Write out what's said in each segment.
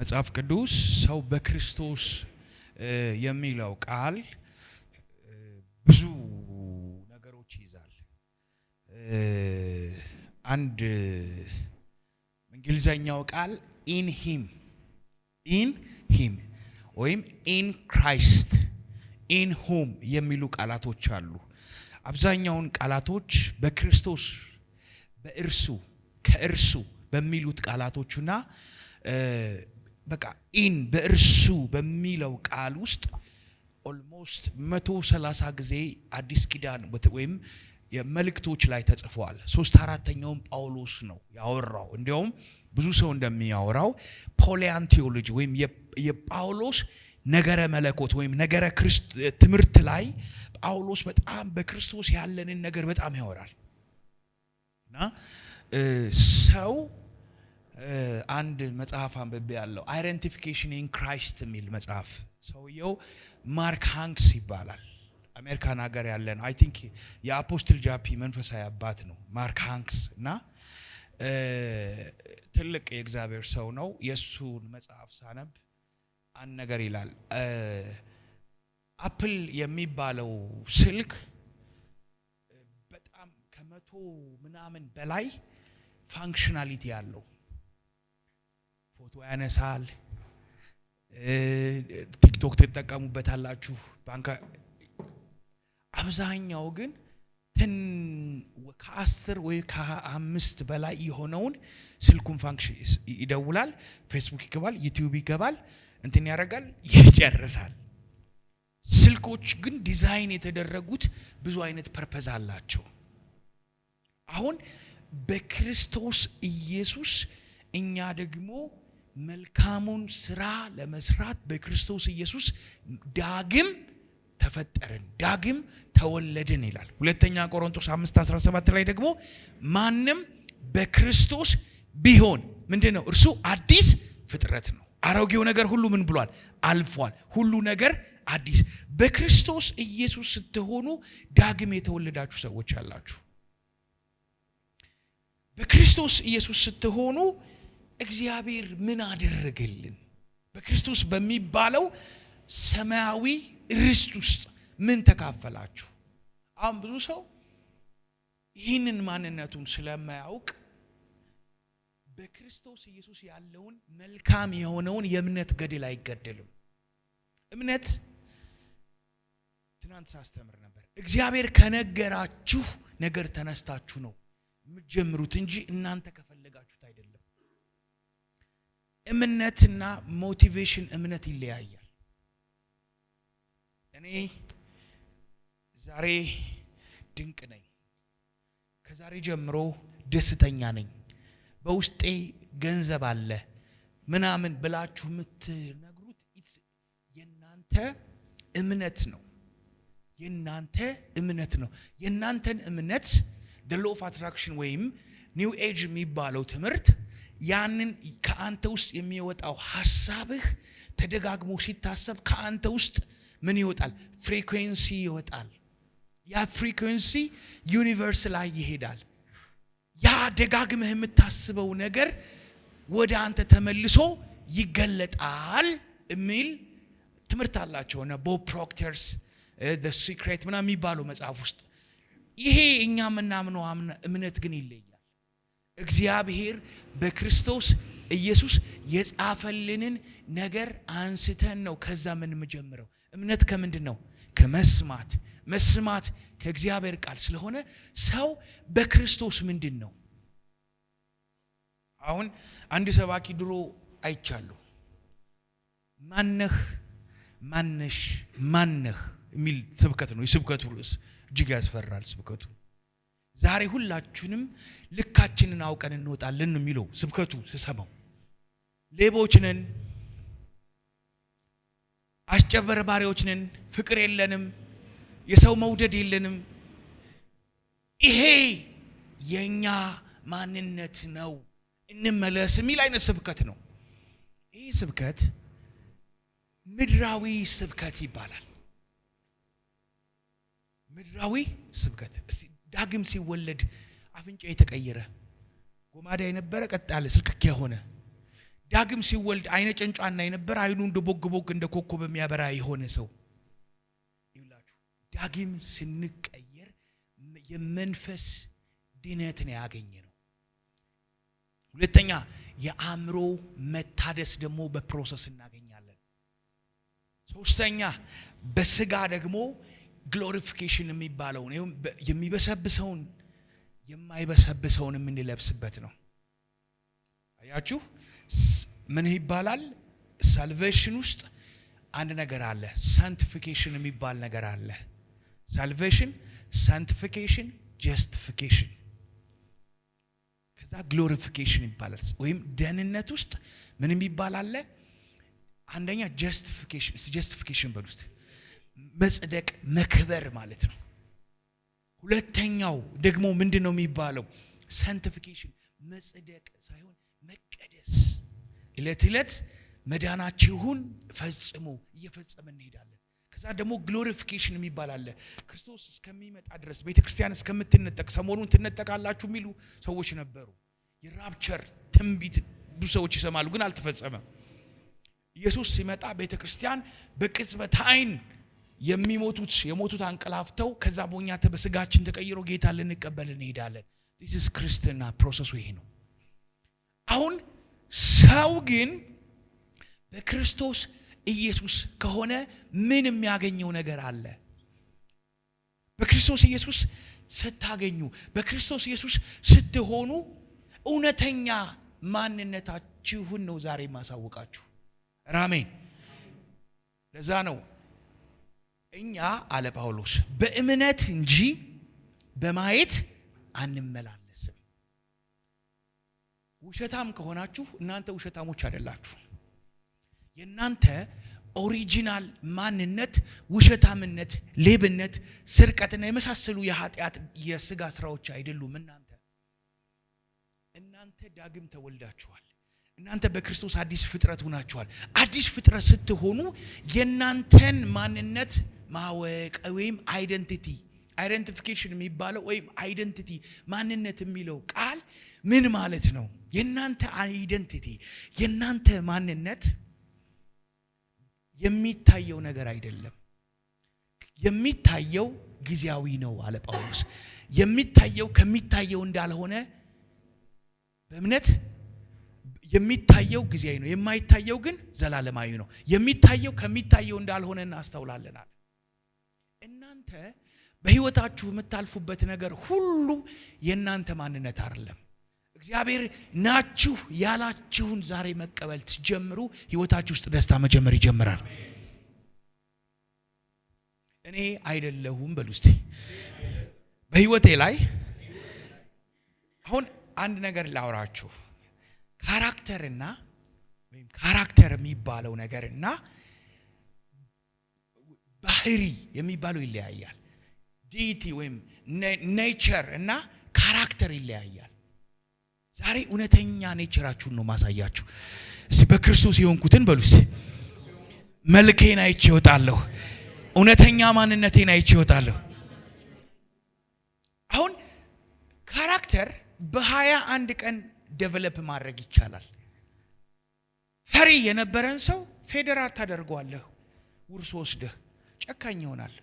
መጽሐፍ ቅዱስ ሰው በክርስቶስ የሚለው ቃል ብዙ ነገሮች ይዛል። አንድ እንግሊዘኛው ቃል ኢን ሂም ኢን ሂም ወይም ኢን ክራይስት ኢን ሆም የሚሉ ቃላቶች አሉ። አብዛኛውን ቃላቶች በክርስቶስ በእርሱ ከእርሱ በሚሉት ቃላቶቹና በቃ ኢን በእርሱ በሚለው ቃል ውስጥ ኦልሞስት መቶ ሰላሳ ጊዜ አዲስ ኪዳን ወይም የመልእክቶች ላይ ተጽፏል። ሶስት አራተኛውም ጳውሎስ ነው ያወራው። እንዲያውም ብዙ ሰው እንደሚያወራው ፖሊያን ቴዎሎጂ ወይም የጳውሎስ ነገረ መለኮት ወይም ነገረ ትምህርት ላይ ጳውሎስ በጣም በክርስቶስ ያለንን ነገር በጣም ያወራል እና ሰው አንድ መጽሐፍ አንብቤ ያለው አይደንቲፊኬሽን ኢን ክራይስት የሚል መጽሐፍ። ሰውየው ማርክ ሃንክስ ይባላል። አሜሪካን ሀገር ያለ ነው። አይ ቲንክ የአፖስትል ጃፒ መንፈሳዊ አባት ነው ማርክ ሃንክስ እና ትልቅ የእግዚአብሔር ሰው ነው። የእሱን መጽሐፍ ሳነብ አንድ ነገር ይላል። አፕል የሚባለው ስልክ በጣም ከመቶ ምናምን በላይ ፋንክሽናሊቲ አለው። ፎቶ ያነሳል። ቲክቶክ ትጠቀሙበታላችሁ። ባንክ አብዛኛው ግን ከአስር ወይ ከአምስት በላይ የሆነውን ስልኩን ፋንክሽን ይደውላል፣ ፌስቡክ ይገባል፣ ዩቲዩብ ይገባል፣ እንትን ያደርጋል፣ ይጨርሳል። ስልኮች ግን ዲዛይን የተደረጉት ብዙ አይነት ፐርፐዝ አላቸው። አሁን በክርስቶስ ኢየሱስ እኛ ደግሞ መልካሙን ስራ ለመስራት በክርስቶስ ኢየሱስ ዳግም ተፈጠርን፣ ዳግም ተወለድን ይላል። ሁለተኛ ቆሮንቶስ 5:17 ላይ ደግሞ ማንም በክርስቶስ ቢሆን ምንድን ነው? እርሱ አዲስ ፍጥረት ነው። አሮጌው ነገር ሁሉ ምን ብሏል? አልፏል። ሁሉ ነገር አዲስ። በክርስቶስ ኢየሱስ ስትሆኑ ዳግም የተወለዳችሁ ሰዎች አላችሁ። በክርስቶስ ኢየሱስ ስትሆኑ እግዚአብሔር ምን አደረገልን? በክርስቶስ በሚባለው ሰማያዊ ርስት ውስጥ ምን ተካፈላችሁ? አሁን ብዙ ሰው ይህንን ማንነቱን ስለማያውቅ በክርስቶስ ኢየሱስ ያለውን መልካም የሆነውን የእምነት ገድል አይገደልም። እምነት ትናንት ሳስተምር ነበር። እግዚአብሔር ከነገራችሁ ነገር ተነስታችሁ ነው የምትጀምሩት እንጂ እናንተ ከፈለጋችሁት አይደለም። እምነትና ሞቲቬሽን እምነት ይለያያል። እኔ ዛሬ ድንቅ ነኝ፣ ከዛሬ ጀምሮ ደስተኛ ነኝ፣ በውስጤ ገንዘብ አለ ምናምን ብላችሁ የምትነግሩት የእናንተ እምነት ነው። የእናንተ እምነት ነው። የእናንተን እምነት ሎው ኦፍ አትራክሽን ወይም ኒው ኤጅ የሚባለው ትምህርት ያንን ከአንተ ውስጥ የሚወጣው ሀሳብህ ተደጋግሞ ሲታሰብ ከአንተ ውስጥ ምን ይወጣል? ፍሪኩዌንሲ ይወጣል። ያ ፍሪኩንሲ ዩኒቨርስ ላይ ይሄዳል። ያ ደጋግመህ የምታስበው ነገር ወደ አንተ ተመልሶ ይገለጣል የሚል ትምህርት አላቸው እና ቦብ ፕሮክተርስ ሲክሬት ምናምን የሚባለው መጽሐፍ ውስጥ ይሄ እኛ የምናምነው እምነት ግን ይለያል። እግዚአብሔር በክርስቶስ ኢየሱስ የጻፈልንን ነገር አንስተን ነው ከዛ የምንጀምረው። እምነት ከምንድን ነው? ከመስማት መስማት ከእግዚአብሔር ቃል ስለሆነ ሰው በክርስቶስ ምንድን ነው? አሁን አንድ ሰባኪ ድሮ አይቻሉ ማነህ ማነሽ ማነህ የሚል ስብከት ነው። የስብከቱ ርዕስ እጅግ ያስፈራል። ስብከቱ ዛሬ ሁላችንም ልካችንን አውቀን እንወጣለን ነው የሚለው ስብከቱ። ስሰማው ሌቦች ነን፣ አጭበርባሪዎች ነን፣ ፍቅር የለንም፣ የሰው መውደድ የለንም። ይሄ የእኛ ማንነት ነው፣ እንመለስ የሚል አይነት ስብከት ነው። ይህ ስብከት ምድራዊ ስብከት ይባላል። ምድራዊ ስብከት ዳግም ሲወለድ አፍንጫ የተቀየረ ጎማዳ የነበረ ቀጥ ያለ ስልክክ የሆነ ዳግም ሲወልድ አይነ ጨንጫና የነበረ አይኑ እንደ ቦግ ቦግ እንደ ኮከብ የሚያበራ የሆነ ሰው ይብላችሁ። ዳግም ስንቀየር የመንፈስ ድነትን ያገኘ ነው። ሁለተኛ የአእምሮ መታደስ ደግሞ በፕሮሰስ እናገኛለን። ሶስተኛ በስጋ ደግሞ ግሎሪፊኬሽን የሚባለውን የሚበሰብሰውን የማይበሰብሰውን የምንለብስበት ነው። አያችሁ ምን ይባላል? ሳልቬሽን ውስጥ አንድ ነገር አለ። ሳንቲፊኬሽን የሚባል ነገር አለ። ሳልቬሽን፣ ሳንቲፊኬሽን፣ ጀስቲፊኬሽን ከዛ ግሎሪፊኬሽን ይባላል። ወይም ደህንነት ውስጥ ምን የሚባል አለ? አንደኛ ጀስቲፊኬሽን። ጀስቲፊኬሽን በል ውስጥ መጽደቅ መክበር ማለት ነው። ሁለተኛው ደግሞ ምንድን ነው የሚባለው? ሳንቲፊኬሽን መጽደቅ ሳይሆን መቀደስ። እለት እለት መዳናችሁን ፈጽሙ፣ እየፈጸመ እንሄዳለን። ከዛ ደግሞ ግሎሪፊኬሽን የሚባል አለ። ክርስቶስ እስከሚመጣ ድረስ ቤተ ክርስቲያን እስከምትነጠቅ፣ ሰሞኑን ትነጠቃላችሁ የሚሉ ሰዎች ነበሩ። የራፕቸር ትንቢት ብዙ ሰዎች ይሰማሉ፣ ግን አልተፈጸመም። ኢየሱስ ሲመጣ ቤተ ክርስቲያን በቅጽበት አይን የሚሞቱት የሞቱት አንቀላፍተው ከዛ በእኛ በስጋችን ተቀይሮ ጌታ ልንቀበል እንሄዳለን። ዚስ ክርስትና ፕሮሰሱ ይሄ ነው። አሁን ሰው ግን በክርስቶስ ኢየሱስ ከሆነ ምን የሚያገኘው ነገር አለ? በክርስቶስ ኢየሱስ ስታገኙ፣ በክርስቶስ ኢየሱስ ስትሆኑ እውነተኛ ማንነታችሁን ነው ዛሬ ማሳወቃችሁ። ራሜን። ለዛ ነው እኛ አለ ጳውሎስ በእምነት እንጂ በማየት አንመላለስም። ውሸታም ከሆናችሁ እናንተ ውሸታሞች አይደላችሁ። የእናንተ ኦሪጂናል ማንነት ውሸታምነት፣ ሌብነት፣ ስርቀትና የመሳሰሉ የኃጢአት የስጋ ስራዎች አይደሉም። እናንተ እናንተ ዳግም ተወልዳችኋል። እናንተ በክርስቶስ አዲስ ፍጥረት ሆናችኋል። አዲስ ፍጥረት ስትሆኑ የእናንተን ማንነት ማወቅ ወይም አይደንቲቲ አይደንቲፊኬሽን የሚባለው ወይም አይደንቲቲ ማንነት የሚለው ቃል ምን ማለት ነው? የእናንተ አይደንቲቲ የእናንተ ማንነት የሚታየው ነገር አይደለም። የሚታየው ጊዜያዊ ነው አለ ጳውሎስ። የሚታየው ከሚታየው እንዳልሆነ በእምነት የሚታየው ጊዜያዊ ነው፣ የማይታየው ግን ዘላለማዊ ነው። የሚታየው ከሚታየው እንዳልሆነ እናስተውላለናል። በህይወታችሁ የምታልፉበት ነገር ሁሉ የእናንተ ማንነት አይደለም። እግዚአብሔር ናችሁ ያላችሁን ዛሬ መቀበል ትጀምሩ፣ ህይወታችሁ ውስጥ ደስታ መጀመር ይጀምራል። እኔ አይደለሁም በሉ እስቲ በህይወቴ ላይ አሁን አንድ ነገር ላውራችሁ። ካራክተርና ወይም ካራክተር የሚባለው ነገርና ባህሪ የሚባለው ይለያያል። ዲቲ ወይም ኔቸር እና ካራክተር ይለያያል። ዛሬ እውነተኛ ኔቸራችሁን ነው ማሳያችሁ። እስቲ በክርስቶስ የሆንኩትን በሉስ። መልኬን አይቼ እወጣለሁ። እውነተኛ ማንነቴን አይቼ እወጣለሁ። አሁን ካራክተር በሀያ አንድ ቀን ደቨሎፕ ማድረግ ይቻላል። ፈሪ የነበረን ሰው ፌዴራል ታደርገዋለህ ውርስ ወስደህ ጨካኝ ይሆናል።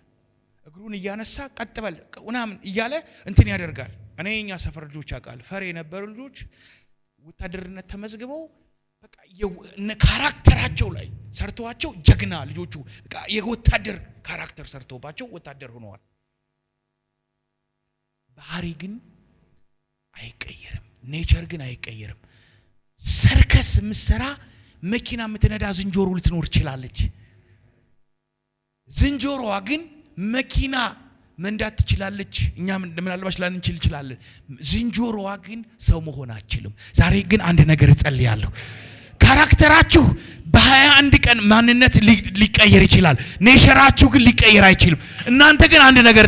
እግሩን እያነሳ ቀጥበል በል ምናምን እያለ እንትን ያደርጋል። እኔ የኛ ሰፈር ልጆች አውቃል ፈሪ የነበሩ ልጆች ወታደርነት ተመዝግበው ካራክተራቸው ላይ ሰርተዋቸው ጀግና ልጆቹ የወታደር ካራክተር ሰርተውባቸው ወታደር ሆነዋል። ባህሪ ግን አይቀየርም። ኔቸር ግን አይቀየርም። ሰርከስ የምትሰራ መኪና የምትነዳ ዝንጀሮ ልትኖር ትችላለች። ዝንጀሮዋ ግን መኪና መንዳት ትችላለች። እኛ ምናልባች ላንችል እንችላለን። ዝንጀሮዋ ግን ሰው መሆን አችልም። ዛሬ ግን አንድ ነገር እጸልያለሁ። ካራክተራችሁ በሀያ አንድ ቀን ማንነት ሊቀየር ይችላል። ኔቸራችሁ ግን ሊቀየር አይችልም። እናንተ ግን አንድ ነገር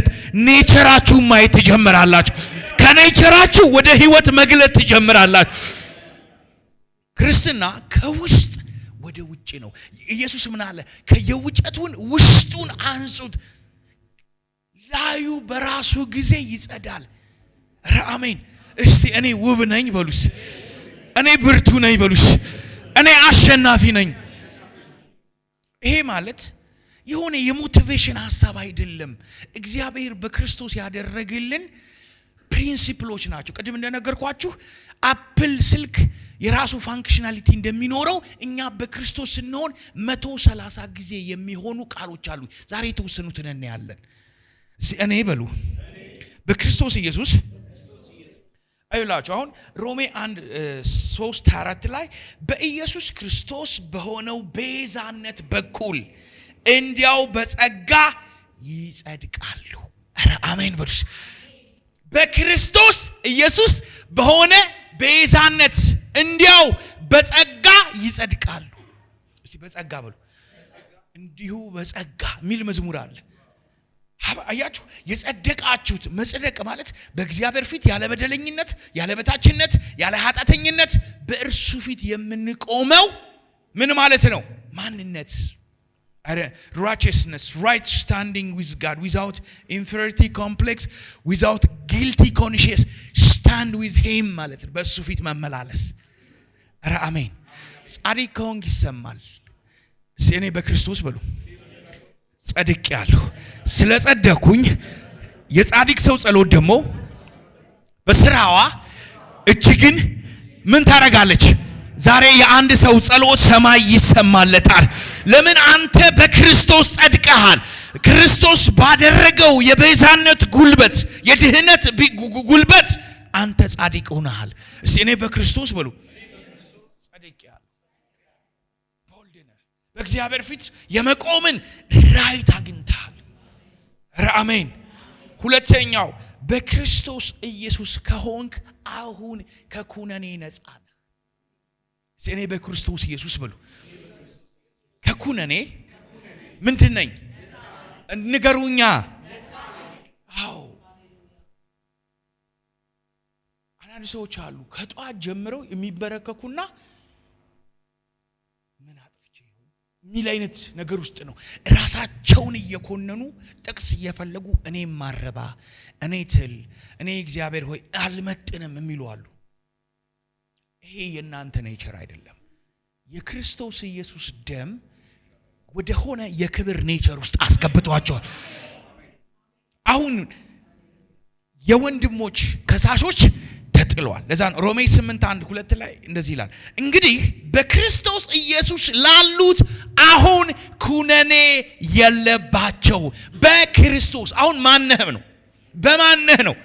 ኔቸራችሁ ማየት ትጀምራላችሁ። ከኔቸራችሁ ወደ ህይወት መግለጥ ትጀምራላችሁ። ክርስትና ከውስጥ ወደ ውጭ ነው። ኢየሱስ ምን አለ? ከየውጨቱን ውስጡን አንጹት፣ ላዩ በራሱ ጊዜ ይጸዳል። አሜን። እስቲ እኔ ውብ ነኝ በሉስ፣ እኔ ብርቱ ነኝ በሉስ፣ እኔ አሸናፊ ነኝ። ይሄ ማለት የሆነ የሞቲቬሽን ሀሳብ አይደለም። እግዚአብሔር በክርስቶስ ያደረግልን ፕሪንሲፕሎች ናቸው። ቅድም እንደነገርኳችሁ አፕል ስልክ የራሱ ፋንክሽናሊቲ እንደሚኖረው እኛ በክርስቶስ ስንሆን መቶ ሰላሳ ጊዜ የሚሆኑ ቃሎች አሉ። ዛሬ የተወሰኑትን እናያለን። እኔ በሉ በክርስቶስ ኢየሱስ አይላችሁ አሁን ሮሜ አንድ ሶስት አራት ላይ በኢየሱስ ክርስቶስ በሆነው ቤዛነት በኩል እንዲያው በጸጋ ይጸድቃሉ። አረ አሜን በሉስ በክርስቶስ ኢየሱስ በሆነ ቤዛነት እንዲያው በጸጋ ይጸድቃሉ። እስቲ በጸጋ በሉ። እንዲሁ በጸጋ የሚል መዝሙር አለ። አያችሁ፣ የጸደቃችሁት መጽደቅ ማለት በእግዚአብሔር ፊት ያለ በደለኝነት፣ ያለ በታችነት፣ ያለ ኃጢአተኝነት በእርሱ ፊት የምንቆመው ምን ማለት ነው? ማንነት righteousness, right standing with God, without inferiority complex, without guilty conscience, stand with him ማለት ነው። በእሱ ፊት መመላለስ። ኧረ አሜን። ጻድቅ ከሆንክ ይሰማል። እስቲ እኔ በክርስቶስ በሉ ጸድቅ ያለሁ ስለ ጸደኩኝ። የጻድቅ ሰው ጸሎት ደግሞ በስራዋ እጅግን ምን ታረጋለች? ዛሬ የአንድ ሰው ጸሎት ሰማይ ይሰማለታል። ለምን? አንተ በክርስቶስ ጸድቀሃል። ክርስቶስ ባደረገው የቤዛነት ጉልበት፣ የድህነት ጉልበት አንተ ጻድቅ ሆነሃል። እስቲ እኔ በክርስቶስ በሉ በእግዚአብሔር ፊት የመቆምን ራይት አግኝተሃል። አሜን። ሁለተኛው በክርስቶስ ኢየሱስ ከሆንክ አሁን ከኩነኔ ነጻል እኔ በክርስቶስ ኢየሱስ ብሉ ከኩነኔ ምንድን ነኝ ንገሩኛ። አዎ አንዳንድ ሰዎች አሉ ከጠዋት ጀምረው የሚበረከኩና ምን አጥፍቼ የሚል አይነት ነገር ውስጥ ነው ራሳቸውን እየኮነኑ ጥቅስ እየፈለጉ እኔ ማረባ፣ እኔ ትል፣ እኔ እግዚአብሔር ሆይ አልመጥንም የሚሉ አሉ። ይሄ የእናንተ ኔቸር አይደለም። የክርስቶስ ኢየሱስ ደም ወደሆነ የክብር ኔቸር ውስጥ አስገብቷቸዋል። አሁን የወንድሞች ከሳሾች ተጥሏል። ለዛ ሮሜ 8 1 2 ላይ እንደዚህ ይላል፣ እንግዲህ በክርስቶስ ኢየሱስ ላሉት አሁን ኩነኔ የለባቸው። በክርስቶስ አሁን ማነህም ነው በማነህ ነው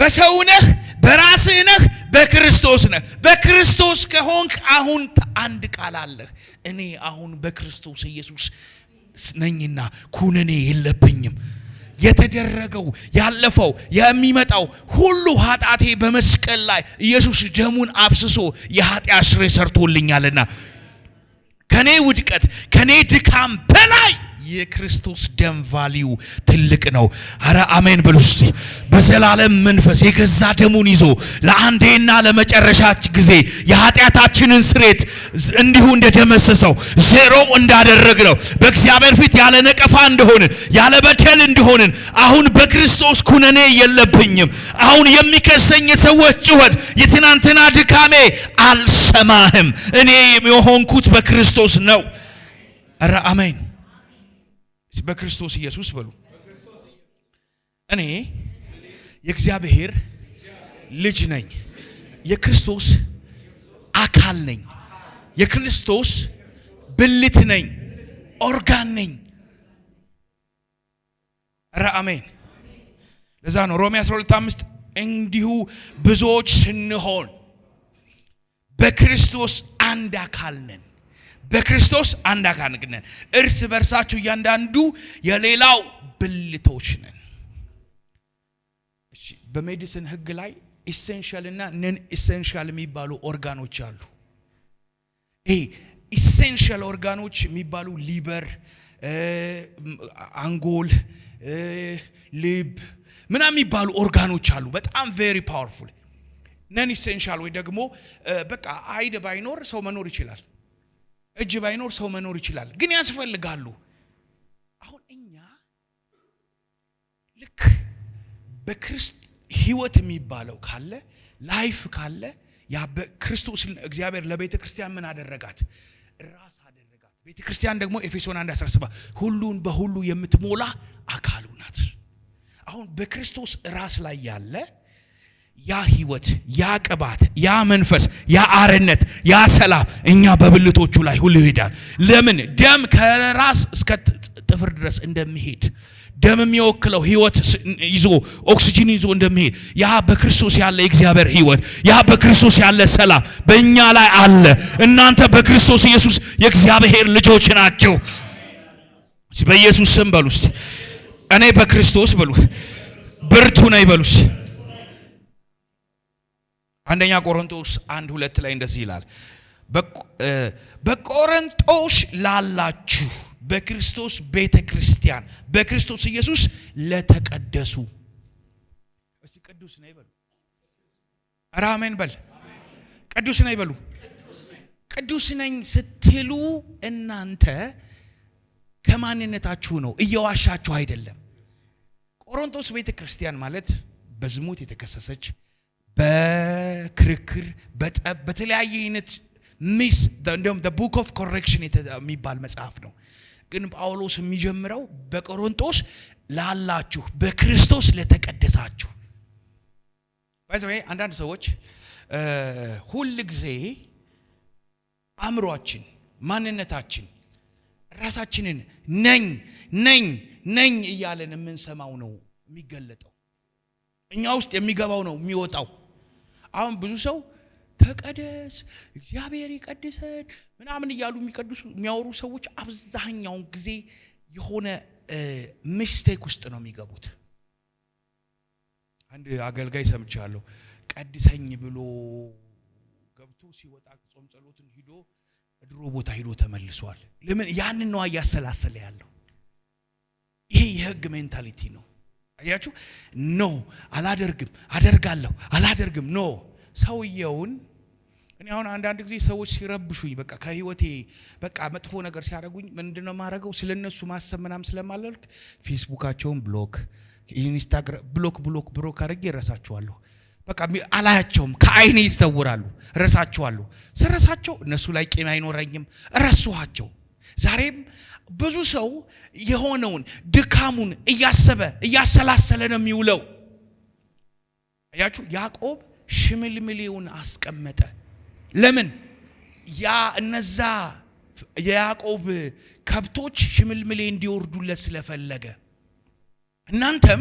በሰውነህ በራስህ ነህ በክርስቶስ ነህ። በክርስቶስ ከሆንክ አሁን አንድ ቃል አለህ። እኔ አሁን በክርስቶስ ኢየሱስ ነኝና ኩነኔ የለብኝም። የተደረገው ያለፈው የሚመጣው ሁሉ ኃጢአቴ በመስቀል ላይ ኢየሱስ ደሙን አፍስሶ የኃጢአት ስሬ ሰርቶልኛልና ከኔ ውድቀት ከኔ ድካም በላይ የክርስቶስ ደም ቫሊዩ ትልቅ ነው። አረ አሜን በሉ እስቲ። በዘላለም መንፈስ የገዛ ደሙን ይዞ ለአንዴና ለመጨረሻ ጊዜ የኃጢአታችንን ስሬት እንዲሁ እንደደመሰሰው ዜሮ ነው። በእግዚአብሔር ፊት ያለ ነቀፋ እንደሆንን ያለ በደል እንደሆንን አሁን በክርስቶስ ኩነኔ የለብኝም። አሁን የሚከሰኝ የሰዎች ጩኸት፣ የትናንትና ድካሜ አልሰማህም። እኔ የሆንኩት በክርስቶስ ነው። አረ አሜን በክርስቶስ ኢየሱስ በሉ። እኔ የእግዚአብሔር ልጅ ነኝ፣ የክርስቶስ አካል ነኝ፣ የክርስቶስ ብልት ነኝ፣ ኦርጋን ነኝ። ኧረ አሜን። ለዛ ነው ሮሜ 12 5 እንዲሁ ብዙዎች ስንሆን በክርስቶስ አንድ አካል ነን በክርስቶስ አንድ አካል ነን። እርስ በርሳችሁ እያንዳንዱ የሌላው ብልቶች ነን። በሜዲሲን ህግ ላይ ኢሴንሻል እና ነን ኢሴንሻል የሚባሉ ኦርጋኖች አሉ። ይሄ ኢሴንሻል ኦርጋኖች የሚባሉ ሊበር፣ አንጎል፣ ልብ ምናምን የሚባሉ ኦርጋኖች አሉ። በጣም ቬሪ ፓወርፉል ነን ኢሴንሻል ወይ ደግሞ በቃ አይድ ባይኖር ሰው መኖር ይችላል። እጅ ባይኖር ሰው መኖር ይችላል፣ ግን ያስፈልጋሉ። አሁን እኛ ልክ በክርስት ህይወት የሚባለው ካለ ላይፍ ካለ በክርስቶስ እግዚአብሔር ለቤተ ክርስቲያን ምን አደረጋት? ራስ አደረጋት። ቤተ ክርስቲያን ደግሞ ኤፌሶን 1 17 ሁሉን በሁሉ የምትሞላ አካሉ ናት። አሁን በክርስቶስ ራስ ላይ ያለ ያ ህይወት፣ ያ ቅባት፣ ያ መንፈስ፣ ያ አርነት፣ ያ ሰላም እኛ በብልቶቹ ላይ ሁሉ ይሄዳል። ለምን ደም ከራስ እስከ ጥፍር ድረስ እንደሚሄድ ደም የሚወክለው ህይወት ይዞ ኦክሲጂን ይዞ እንደሚሄድ ያ በክርስቶስ ያለ የእግዚአብሔር ህይወት ያ በክርስቶስ ያለ ሰላም በእኛ ላይ አለ። እናንተ በክርስቶስ ኢየሱስ የእግዚአብሔር ልጆች ናቸው። በኢየሱስ ስም በሉ እስቲ። እኔ በክርስቶስ በሉ ብርቱ ነኝ በሉ እስቲ አንደኛ ቆሮንቶስ አንድ ሁለት ላይ እንደዚህ ይላል፣ በቆሮንቶስ ላላችሁ በክርስቶስ ቤተ ክርስቲያን በክርስቶስ ኢየሱስ ለተቀደሱ እስቲ ቅዱስ ነው ይበሉ። ኧረ አሜን በል። ቅዱስ ነው ይበሉ። ቅዱስ ነኝ ስትሉ እናንተ ከማንነታችሁ ነው፣ እየዋሻችሁ አይደለም። ቆሮንቶስ ቤተ ክርስቲያን ማለት በዝሙት የተከሰሰች በክርክር በጠብ በተለያየ አይነት ሚስ እንዲሁም ቡክ ኦፍ ኮሬክሽን የሚባል መጽሐፍ ነው። ግን ጳውሎስ የሚጀምረው በቆሮንቶስ ላላችሁ በክርስቶስ ለተቀደሳችሁ። አንዳንድ ሰዎች ሁል ጊዜ አእምሯችን፣ ማንነታችን ራሳችንን ነኝ ነኝ ነኝ እያለን የምንሰማው ነው የሚገለጠው፣ እኛ ውስጥ የሚገባው ነው የሚወጣው አሁን ብዙ ሰው ተቀደስ እግዚአብሔር ይቀድሰን ምናምን እያሉ የሚቀድሱ የሚያወሩ ሰዎች አብዛኛውን ጊዜ የሆነ ምስቴክ ውስጥ ነው የሚገቡት። አንድ አገልጋይ ሰምቻለሁ። ቀድሰኝ ብሎ ገብቶ ሲወጣ ጾም ጸሎትን ሂዶ ድሮ ቦታ ሂዶ ተመልሷል። ለምን? ያንን ነዋ እያሰላሰለ ያለው። ይሄ የህግ ሜንታሊቲ ነው። አያችሁ፣ ኖ አላደርግም፣ አደርጋለሁ፣ አላደርግም ኖ ሰውየውን እኔ አሁን አንዳንድ ጊዜ ሰዎች ሲረብሹኝ በቃ ከህይወቴ በቃ መጥፎ ነገር ሲያደርጉኝ ምንድነው ማድረገው? ስለ እነሱ ማሰብ ምናም ስለማላልክ ፌስቡካቸውን ብሎክ፣ ኢንስታግራም ብሎክ፣ ብሎክ ብሎክ አድርጌ እረሳቸዋለሁ። በቃ አላያቸውም፣ ከአይኔ ይሰውራሉ፣ ረሳቸዋለሁ። ስረሳቸው እነሱ ላይ ቂም አይኖረኝም፣ እረሳኋቸው። ዛሬም ብዙ ሰው የሆነውን ድካሙን እያሰበ እያሰላሰለ ነው የሚውለው። አያችሁ፣ ያዕቆብ ሽምልምሌውን አስቀመጠ። ለምን? ያ እነዛ የያዕቆብ ከብቶች ሽምልምሌ እንዲወርዱለት ስለፈለገ እናንተም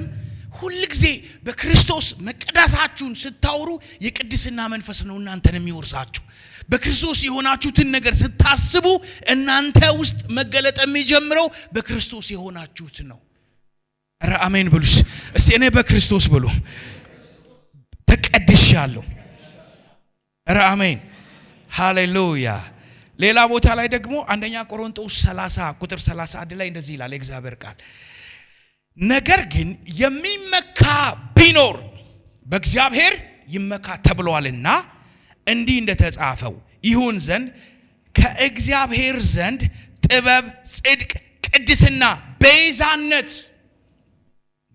ሁልጊዜ በክርስቶስ መቅደሳችሁን ስታወሩ የቅድስና መንፈስ ነው እናንተን የሚወርሳችሁ። በክርስቶስ የሆናችሁትን ነገር ስታስቡ እናንተ ውስጥ መገለጥ የሚጀምረው በክርስቶስ የሆናችሁት ነው። ኧረ አሜን ብሉስ እስቲ። እኔ በክርስቶስ ብሉ ተቀድሻለሁ። ኧረ አሜን ሃሌሉያ። ሌላ ቦታ ላይ ደግሞ አንደኛ ቆሮንቶስ 30 ቁጥር 31 ላይ እንደዚህ ይላል የእግዚአብሔር ቃል ነገር ግን የሚመካ ቢኖር በእግዚአብሔር ይመካ ተብሏልና እንዲህ እንደተጻፈው ይሁን ዘንድ ከእግዚአብሔር ዘንድ ጥበብ፣ ጽድቅ፣ ቅድስና፣ ቤዛነት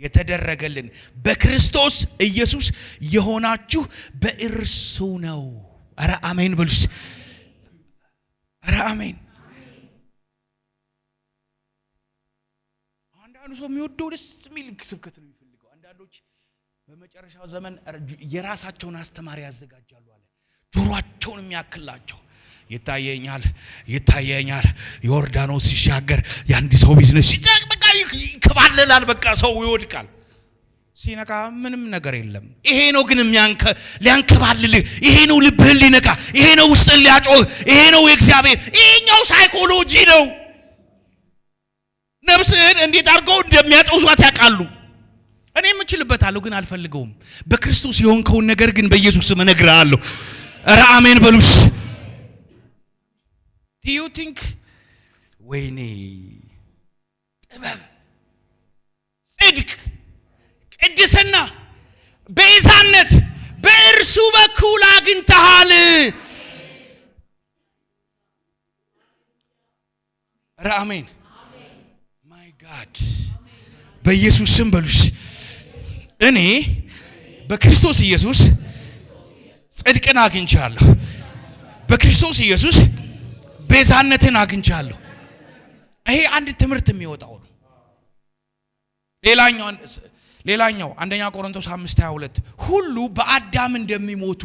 የተደረገልን በክርስቶስ ኢየሱስ የሆናችሁ በእርሱ ነው። አረ አሜን ብሉስ። አረ አሜን። አንዳንዱ ሰው የሚወደው ደስ የሚል ስብከት በመጨረሻው ዘመን የራሳቸውን አስተማሪ ያዘጋጃሉ አለ። ጆሮአቸውን የሚያክላቸው ይታየኛል፣ ይታየኛል። ዮርዳኖስ ሲሻገር የአንድ ሰው ቢዝነስ ሲጨቅ በቃ ይከባለላል፣ በቃ ሰው ይወድቃል። ሲነካ ምንም ነገር የለም። ይሄ ነው ግን የሚያንከ ሊያንከባልልህ፣ ይሄ ነው ልብህን ሊነካ፣ ይሄ ነው ውስጥን ሊያጮህ፣ ይሄ ነው የእግዚአብሔር ይሄኛው ሳይኮሎጂ ነው። ነፍስህን እንዴት አድርገው እንደሚያጠውዟት ያውቃሉ። እኔ የምችልበታለሁ ግን አልፈልገውም። በክርስቶስ የሆንከውን ነገር ግን በኢየሱስ ስም እነግርሃለሁ። ኧረ አሜን በሉስ። ዩ ቲንክ ወይኔ ጥበብ፣ ጽድቅ፣ ቅድስና፣ ቤዛነት በእርሱ በኩል አግኝተሃል። ኧረ አሜን ማይ ጋድ በኢየሱስ ስም በሉስ። እኔ በክርስቶስ ኢየሱስ ጽድቅን አግኝቻለሁ። በክርስቶስ ኢየሱስ ቤዛነትን አግኝቻለሁ። ይሄ አንድ ትምህርት የሚወጣው ነው። ሌላኛው ሌላኛው አንደኛ ቆሮንቶስ 5 22 ሁሉ በአዳም እንደሚሞቱ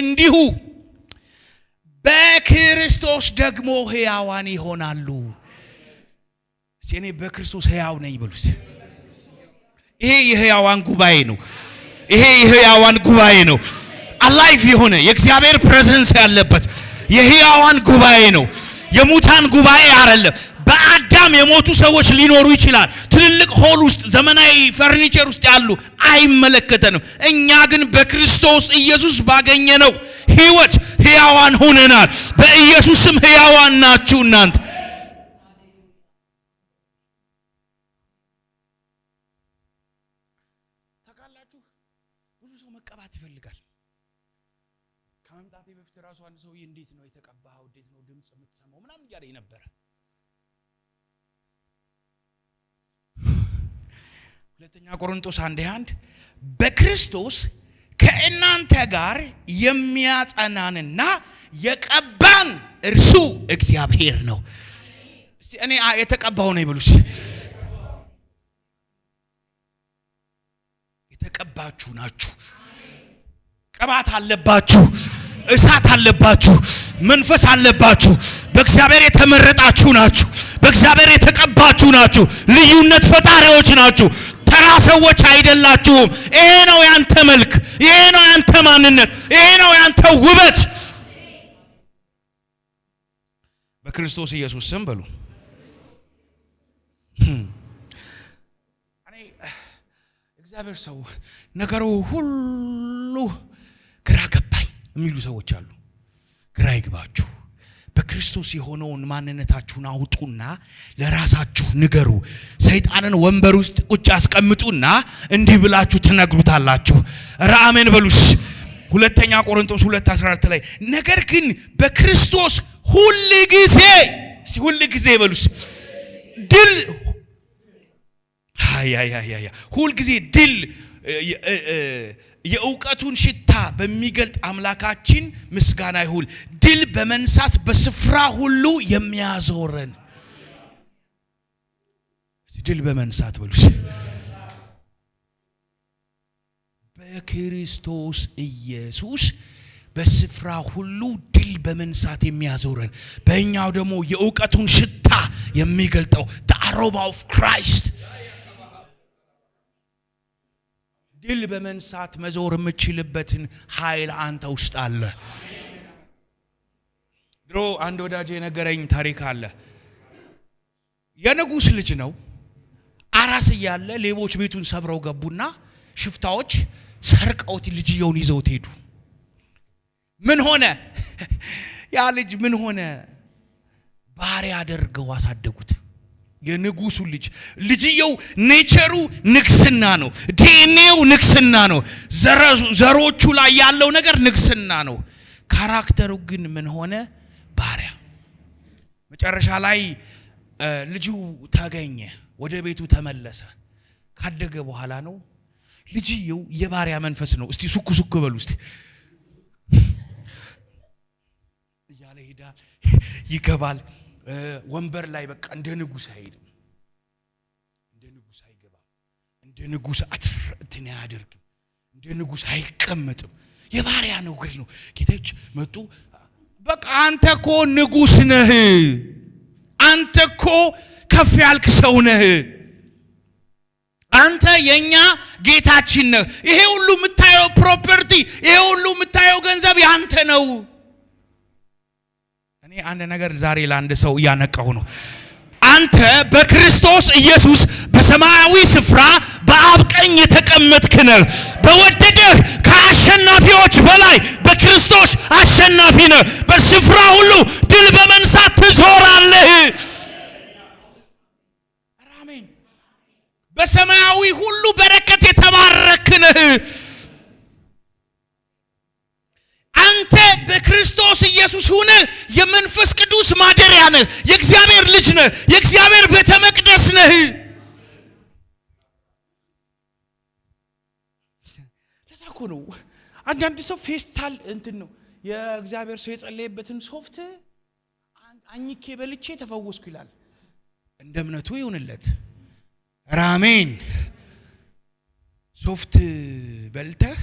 እንዲሁ በክርስቶስ ደግሞ ሕያዋን ይሆናሉ። እኔ በክርስቶስ ሕያው ነኝ ብሉት። ይሄ የህያዋን ጉባኤ ነው። ይሄ የህያዋን ጉባኤ ነው። አላይፍ የሆነ የእግዚአብሔር ፕሬዘንስ ያለበት የህያዋን ጉባኤ ነው። የሙታን ጉባኤ አይደለም። በአዳም የሞቱ ሰዎች ሊኖሩ ይችላል። ትልልቅ ሆል ውስጥ ዘመናዊ ፈርኒቸር ውስጥ ያሉ አይመለከተንም። እኛ ግን በክርስቶስ ኢየሱስ ባገኘነው ህይወት ህያዋን ሆነናል። በኢየሱስም ህያዋን ናችሁ እናንተ የምትሰማው ምናምን እያለኝ ነበረ። ሁለተኛ ቆሮንቶስ አንድ አንድ በክርስቶስ ከእናንተ ጋር የሚያጸናንና የቀባን እርሱ እግዚአብሔር ነው። እኔ የተቀባው ነው ይበሉሽ። የተቀባችሁ ናችሁ። ቅባት አለባችሁ። እሳት አለባችሁ። መንፈስ አለባችሁ። በእግዚአብሔር የተመረጣችሁ ናችሁ። በእግዚአብሔር የተቀባችሁ ናችሁ። ልዩነት ፈጣሪዎች ናችሁ። ተራ ሰዎች አይደላችሁም። ይሄ ነው ያንተ መልክ፣ ይሄ ነው ያንተ ማንነት፣ ይሄ ነው ያንተ ውበት። በክርስቶስ ኢየሱስ ስም በሉ። እግዚአብሔር ሰው ነገሩ ሁሉ ግራ ገባኝ የሚሉ ሰዎች አሉ። ግራ ይግባችሁ። በክርስቶስ የሆነውን ማንነታችሁን አውጡና ለራሳችሁ ንገሩ። ሰይጣንን ወንበር ውስጥ ቁጭ አስቀምጡና እንዲህ ብላችሁ ትነግሩታላችሁ። ረአሜን በሉስ። ሁለተኛ ቆሮንቶስ 2:14 ላይ ነገር ግን በክርስቶስ ሁል ጊዜ ሁል ጊዜ በሉስ ድል ሁል ጊዜ ድል የእውቀቱን ሽታ በሚገልጥ አምላካችን ምስጋና ይሁን። ድል በመንሳት በስፍራ ሁሉ የሚያዞረን ድል በመንሳት በሉ በክርስቶስ ኢየሱስ በስፍራ ሁሉ ድል በመንሳት የሚያዞረን በእኛው ደግሞ የእውቀቱን ሽታ የሚገልጠው ተአሮማ ኦፍ ክራይስት ድል በመንሳት መዞር የምችልበትን ኃይል አንተ ውስጥ አለ። ድሮ አንድ ወዳጅ የነገረኝ ታሪክ አለ። የንጉሥ ልጅ ነው። አራስ እያለ ሌቦች ቤቱን ሰብረው ገቡና ሽፍታዎች ሰርቀውት ልጅየውን ይዘውት ሄዱ። ምን ሆነ? ያ ልጅ ምን ሆነ? ባሪያ አድርገው አሳደጉት። የንጉሱ ልጅ ልጅየው ኔቸሩ ንግስና ነው። ዲኤንኤው ንግስና ነው። ዘሮቹ ላይ ያለው ነገር ንግስና ነው። ካራክተሩ ግን ምን ሆነ? ባሪያ። መጨረሻ ላይ ልጁ ተገኘ፣ ወደ ቤቱ ተመለሰ። ካደገ በኋላ ነው ልጅየው የባሪያ መንፈስ ነው። እስቲ ሱኩ ሱኩ በሉ እስቲ እያለ ሄዳ ይገባል ወንበር ላይ በቃ እንደ ንጉሥ አይሄድም፣ እንደ ንጉሥ አይገባም፣ እንደ ንጉሥ እንትን አያደርግም፣ እንደ ንጉሥ አይቀመጥም። የባሪያ ነው ግር ነው። ጌታዎች መጡ። በቃ አንተ እኮ ንጉሥ ነህ፣ አንተ እኮ ከፍ ያልክ ሰው ነህ፣ አንተ የእኛ ጌታችን ነህ። ይሄ ሁሉ የምታየው ፕሮፐርቲ፣ ይሄ ሁሉ የምታየው ገንዘብ ያንተ ነው። እኔ አንድ ነገር ዛሬ ለአንድ ሰው እያነቃው ነው። አንተ በክርስቶስ ኢየሱስ በሰማያዊ ስፍራ በአብ ቀኝ የተቀመጥክ ነህ። በወደደህ ከአሸናፊዎች በላይ በክርስቶስ አሸናፊ ነህ። በስፍራ ሁሉ ድል በመንሳት ትዞራለህ። አሜን። በሰማያዊ ሁሉ በረከት የተባረክ ነህ። ክርስቶስ ኢየሱስ ሆነ የመንፈስ ቅዱስ ማደሪያ ነህ። የእግዚአብሔር ልጅ ነህ። የእግዚአብሔር ቤተ መቅደስ ነህ። ለዛ እኮ ነው አንዳንድ ሰው ፌስታል እንትን ነው የእግዚአብሔር ሰው የጸለየበትን ሶፍት አኝኬ በልቼ ተፈወስኩ ይላል። እንደ እምነቱ ይሁንለት። ራሜን ሶፍት በልተህ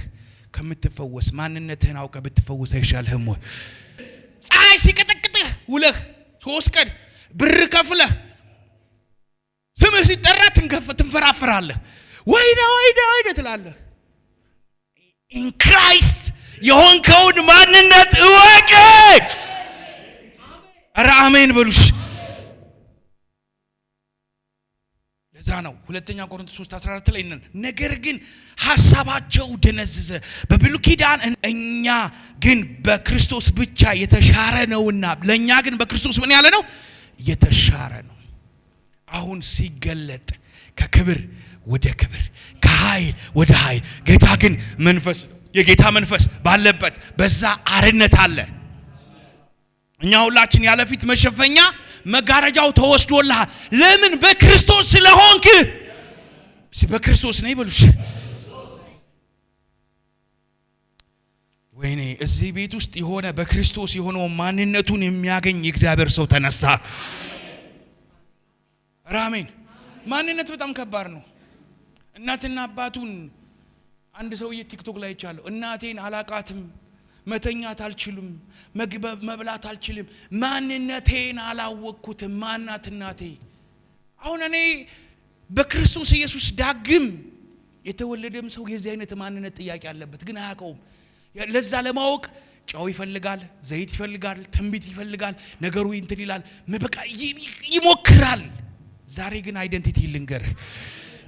ከምትፈወስ ማንነትህን አውቀ ብትፈወስ አይሻልህም ወይ? ፀሐይ ሲቀጠቅጥህ ውለህ ሶስት ቀን ብር ከፍለህ ስምህ ሲጠራ ትንፈራፈራለህ። ወይኔ ወይኔ ወይኔ ትላለህ። ኢን የሆንከውን ማንነት እወቅ። ኧረ አሜን በሉሽ። ለዛ ነው ሁለተኛ ቆሮንቶስ 3 14 ላይ ነን። ነገር ግን ሀሳባቸው ደነዘዘ። በብሉይ ኪዳን እኛ ግን በክርስቶስ ብቻ የተሻረ ነውና ለእኛ ግን በክርስቶስ ምን ያለ ነው የተሻረ ነው። አሁን ሲገለጥ ከክብር ወደ ክብር ከኃይል ወደ ኃይል ጌታ ግን መንፈስ የጌታ መንፈስ ባለበት በዛ አርነት አለ። እኛ ሁላችን ያለፊት መሸፈኛ መጋረጃው ተወስዶልሃል። ለምን? በክርስቶስ ስለሆንክ። እስቲ በክርስቶስ ነው ይበሉሽ። ወይኔ እዚህ ቤት ውስጥ የሆነ በክርስቶስ የሆነው ማንነቱን የሚያገኝ የእግዚአብሔር ሰው ተነሳ። ራሜን ማንነት በጣም ከባድ ነው። እናትና አባቱን አንድ ሰውዬ ቲክቶክ ላይ ይቻለሁ እናቴን አላቃትም መተኛት አልችልም፣ መብላት አልችልም፣ ማንነቴን አላወቅኩትም። ማናት እናቴ? አሁን እኔ በክርስቶስ ኢየሱስ ዳግም የተወለደም ሰው የዚህ አይነት ማንነት ጥያቄ አለበት፣ ግን አያውቀውም። ለዛ ለማወቅ ጨው ይፈልጋል፣ ዘይት ይፈልጋል፣ ትንቢት ይፈልጋል፣ ነገሩ እንትን ይላል፣ በቃ ይሞክራል። ዛሬ ግን አይደንቲቲ ልንገርህ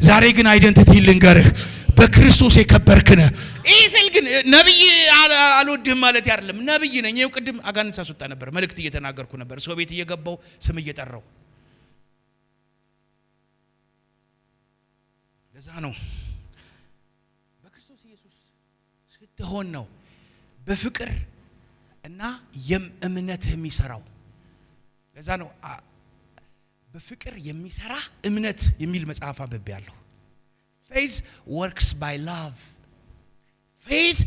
ዛሬ ግን አይደንቲቲ ልንገርህ፣ በክርስቶስ የከበርክ ነህ። ይህ ግን ነብይ አልወድህም ማለት አይደለም። ነብይ ነኝ። ይኸው ቅድም አጋንንት ሳስወጣ ነበር፣ መልእክት እየተናገርኩ ነበር፣ ሰው ቤት እየገባው ስም እየጠራው። ለዛ ነው በክርስቶስ ኢየሱስ ስትሆን ነው በፍቅር እና የእምነትህ የሚሰራው። ለዛ ነው በፍቅር የሚሰራ እምነት የሚል መጽሐፍ አብቤያለሁ። ፌዝ ወርክስ ባይ ላቭ፣ ፌዝ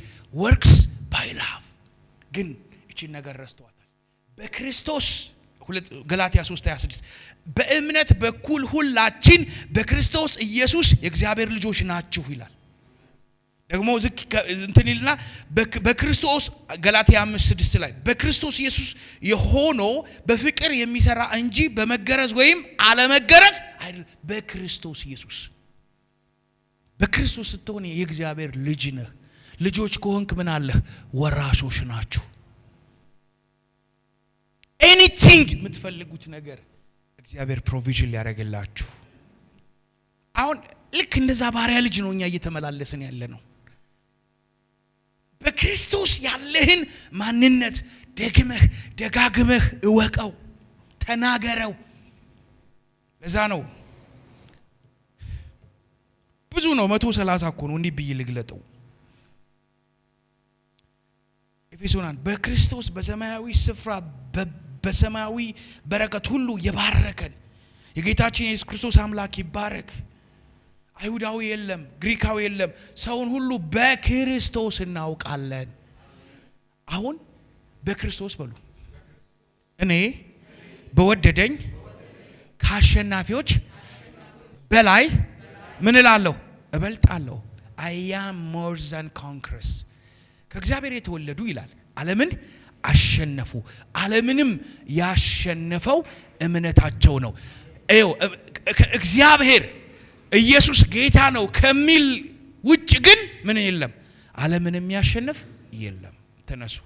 ወርክስ ባይ ላቭ። ግን እቺን ነገር ረስተዋታል። በክርስቶስ ገላትያ 3 26 በእምነት በኩል ሁላችን በክርስቶስ ኢየሱስ የእግዚአብሔር ልጆች ናችሁ ይላል። ደግሞ ዝክ እንትን ይልና በክርስቶስ ገላትያ አምስት ስድስት ላይ በክርስቶስ ኢየሱስ የሆኖ በፍቅር የሚሰራ እንጂ በመገረዝ ወይም አለመገረዝ አይደለም። በክርስቶስ ኢየሱስ በክርስቶስ ስትሆን የእግዚአብሔር ልጅ ነህ። ልጆች ከሆንክ ምን አለህ? ወራሾች ናችሁ። ኤኒቲንግ የምትፈልጉት ነገር እግዚአብሔር ፕሮቪዥን ሊያደርግላችሁ አሁን ልክ እንደዛ ባሪያ ልጅ ነው እኛ እየተመላለስን ያለ ነው። በክርስቶስ ያለህን ማንነት ደግመህ ደጋግመህ እወቀው፣ ተናገረው። ለዛ ነው ብዙ ነው። መቶ ሰላሳ እኮ ነው። እንዲህ ብዬ ልግለጠው። ኤፌሶናን በክርስቶስ በሰማያዊ ስፍራ በሰማያዊ በረከት ሁሉ የባረከን የጌታችን የኢየሱስ ክርስቶስ አምላክ ይባረክ። አይሁዳዊ የለም፣ ግሪካዊ የለም፣ ሰውን ሁሉ በክርስቶስ እናውቃለን። አሁን በክርስቶስ በሉ። እኔ በወደደኝ ከአሸናፊዎች በላይ ምን እላለሁ? እበልጣለሁ። አያም ሞር ዘን ኮንክረስ ከእግዚአብሔር የተወለዱ ይላል ዓለምን አሸነፉ። ዓለምንም ያሸነፈው እምነታቸው ነው። እግዚአብሔር ኢየሱስ ጌታ ነው ከሚል ውጭ ግን ምን የለም፣ ዓለምን የሚያሸንፍ የለም። ተነሱ።